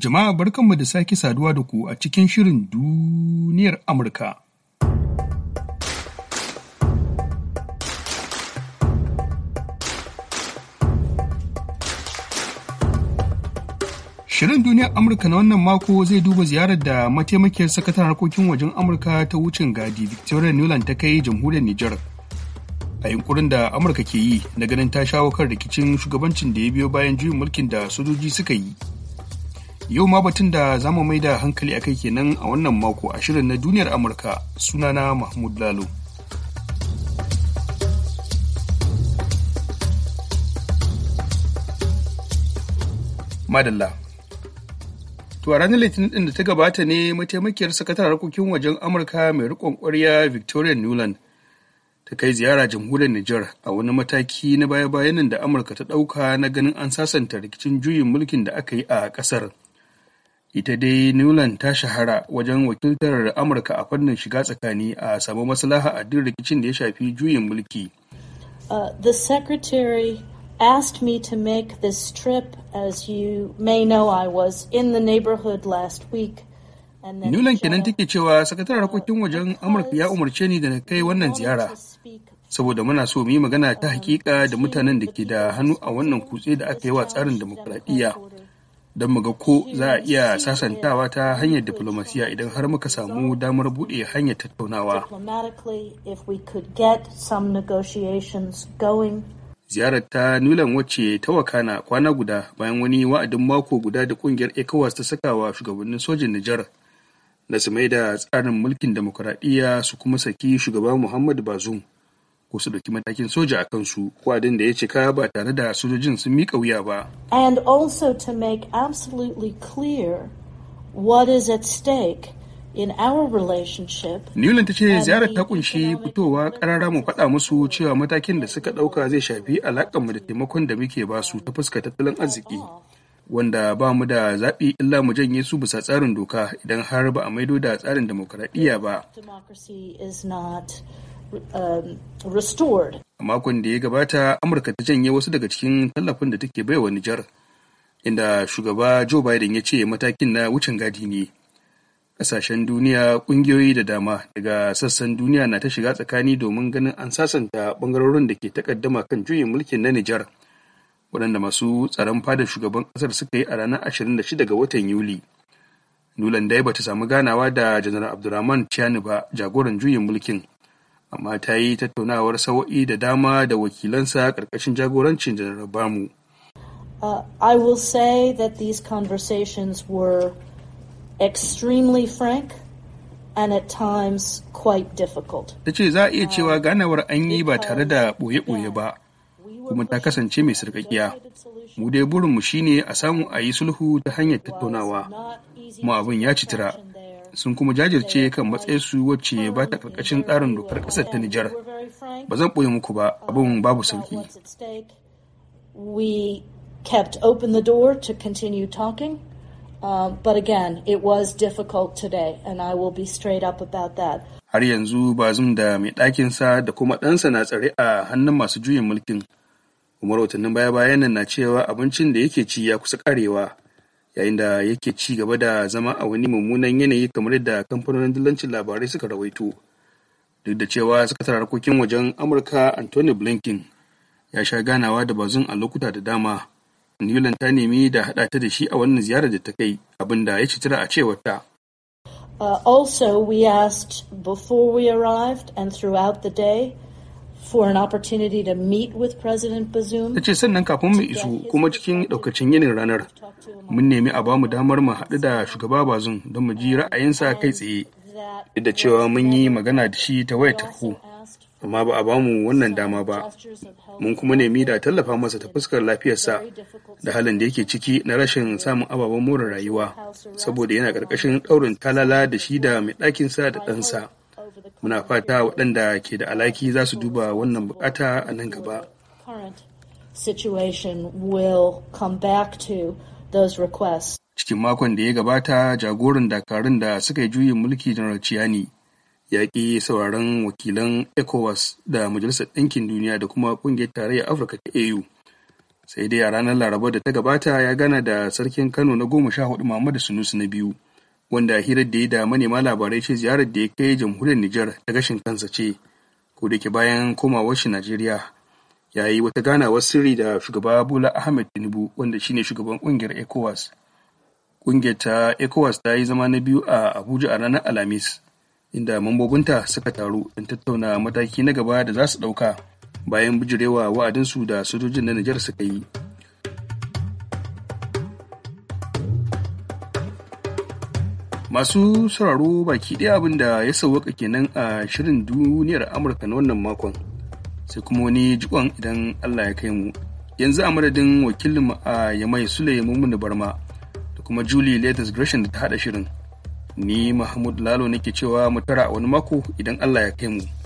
Jama'a barkanmu da sake saduwa da ku a cikin shirin duniyar Amurka. Shirin duniyar Amurka na wannan mako zai duba ziyarar da mataimakiyar sakataren harkokin wajen Amurka ta wucin gadi Victoria Nuland ta kai jamhuriyar Nijar. a yunkurin da amurka ke yi na ganin ta shawo kan rikicin shugabancin da ya biyo bayan juyin mulkin da sojoji suka yi Yau ma batun da za mu mai da hankali a kai kenan a wannan mako a shirin na duniyar Amurka sunana Mahmud Lalo. Madalla. To a ranar Litinin ɗin da ta gabata ne mataimakiyar Sakatare harkokin wajen Amurka mai riƙon ƙwarya Victoria Newland ta kai ziyara jamhuriyar Nijar a wani mataki na baya bayanin da Amurka ta ɗauka na ganin an sasanta rikicin juyin mulkin da aka yi a ƙasar. Ita dai Newland ta shahara wajen wakiltar Amurka a fannin shiga tsakani a samu maslaha a duk rikicin da ya shafi juyin mulki. Uh, the secretary asked me to make this trip. As you may know, I was in the neighborhood last week. Nuland kenan take cewa sakataren harkokin uh, wajen Amurka ya umarce ni da na kai wannan ziyara. Saboda muna so mu yi magana ta um, hakika da mutanen da ke da hannu a wannan kutse da aka yi wa tsarin demokuraɗiyya. don mu ga ko za a iya sasantawa ta hanyar diplomasiya idan har muka samu damar buɗe hanyar tattaunawa. Ziyarar ta Nulan wacce ta wakana kwana guda bayan wani wa'adin mako guda da kungiyar ECOWAS ta saka wa shugabannin sojin Nijar da su mai tsarin mulkin demokuraɗiyya su kuma saki shugaba Muhammadu Bazoum. ko su ɗauki matakin soja a kansu wadin da ya cika ba tare da sojojin sun miƙa wuya ba. And also to make absolutely clear what is at stake in our relationship. Newland ta ce ziyarar ta kunshi fitowa ƙarara mu faɗa musu cewa matakin da suka ɗauka zai shafi mu da taimakon da muke ba su ta fuskar tattalin arziki. Wanda ba mu da zaɓi illa mu janye su bisa tsarin doka idan har ba a maido da tsarin demokuraɗiyya ba. Um, restored. A makon da ya gabata, Amurka ta janye wasu daga cikin tallafin da take baiwa Nijar, inda shugaba Joe Biden ya ce matakin na wucin gadi ne. kasashen duniya, ƙungiyoyi da dama daga sassan duniya na ta shiga tsakani domin ganin an sasanta bangarorin da ke takaddama kan juyin mulkin na Nijar, waɗanda masu tsaron fadar shugaban ƙasar suka yi a ranar 26 ga watan Yuli. Nulan dai bata samu ganawa da Janar Abdulrahman chani ba jagoran juyin mulkin amma ta yi tattaunawar sawa'i da dama da wakilansa ƙarƙashin jagorancin janar Bamu. Uh, I will say that these conversations were extremely frank and at times quite difficult. Ta ce za a iya cewa uh, ganawar an yi ba tare da ɓoye-ɓoye ba, kuma ta kasance mai sarƙaƙiya. Mu dai burinmu shine a samu a yi sulhu ta hanyar tattaunawa, kuma abin ya citira. sun kuma jajirce kan matsayinsu wacce ba ta karkashin tsarin dokar ƙasar ta Nijar. Ba zan ɓoye muku ba, abin babu sauƙi. We kept open the door to continue talking, uh, but again, it was difficult today, and I will be straight up about that. Har yanzu bazum da mai ɗakinsa da kuma ɗansa na tsare a hannun masu juyin mulkin. Umar watannin baya-bayan nan na cewa abincin da yake ci ya kusa ƙarewa. yayin da yake ci gaba da zama a wani mummunan yanayi kamar yadda kamfanonin dillancin labarai suka rawaito duk da cewa sakatar harkokin wajen amurka anthony blinken ya sha ganawa da bazun a lokuta da dama newland ta nemi da haɗata ta da shi a wannan ziyarar da ta kai abinda ya citira a cewar ta Uh, also, we asked before we arrived and throughout the day for an opportunity to meet with President Bazoum. Ta ce sannan kafin mu isu kuma cikin ɗaukacin yinin ranar, mun nemi a bamu damar mu haɗu da shugaba Bazoum don mu ji ra'ayinsa kai tsaye. Duk da cewa mun yi magana da shi ta waya tarho, amma ba a bamu wannan dama ba. Mun kuma nemi da tallafa masa ta fuskar lafiyarsa da halin da yake ciki na rashin samun ababen more rayuwa, saboda yana ƙarƙashin ɗaurin talala da shi da mai ɗakinsa da ɗansa. Muna fata waɗanda ke da alaki za su duba wannan bukata a nan gaba. Cikin makon da ya gabata jagoran dakarun da suka yi juyin mulki general Ciyani ya ƙi sauraron wakilan ECOWAS da Majalisar Ɗinkin Duniya da kuma Ƙungiyar Tarayyar Afirka ta AU. Sai dai a ranar Laraba da ta gabata ya gana da Sarkin Kano na goma sha hudu Muhammadu Sunusu na biyu. wanda a hirar da ya da manema labarai ce ziyarar da ya kai jamhuriyar Nijar ta gashin kansa ce, ko da ke bayan komawar shi Najeriya. Ya yi wata ganawar sirri da shugaba Bola Ahmed Tinubu wanda shine shugaban kungiyar ECOWAS. Kungiyar ta ECOWAS ta yi zama na biyu a Abuja a ranar Alhamis, inda mambobinta suka taru don tattauna mataki na gaba da za su ɗauka bayan bijirewa wa'adinsu da sojojin na Nijar suka yi. Masu sauraro baki ɗaya abin da ya sauwaka kenan a shirin duniyar Amurka na wannan makon. Sai kuma wani jikon idan Allah ya kai mu. Yanzu a madadin wakilinmu a Yamai Sule Mummuni Barma da kuma Juli, Latest Gresham da ta haɗa shirin. Ni Mahmud Lalo nake cewa mu tara a wani mako idan Allah ya kai mu.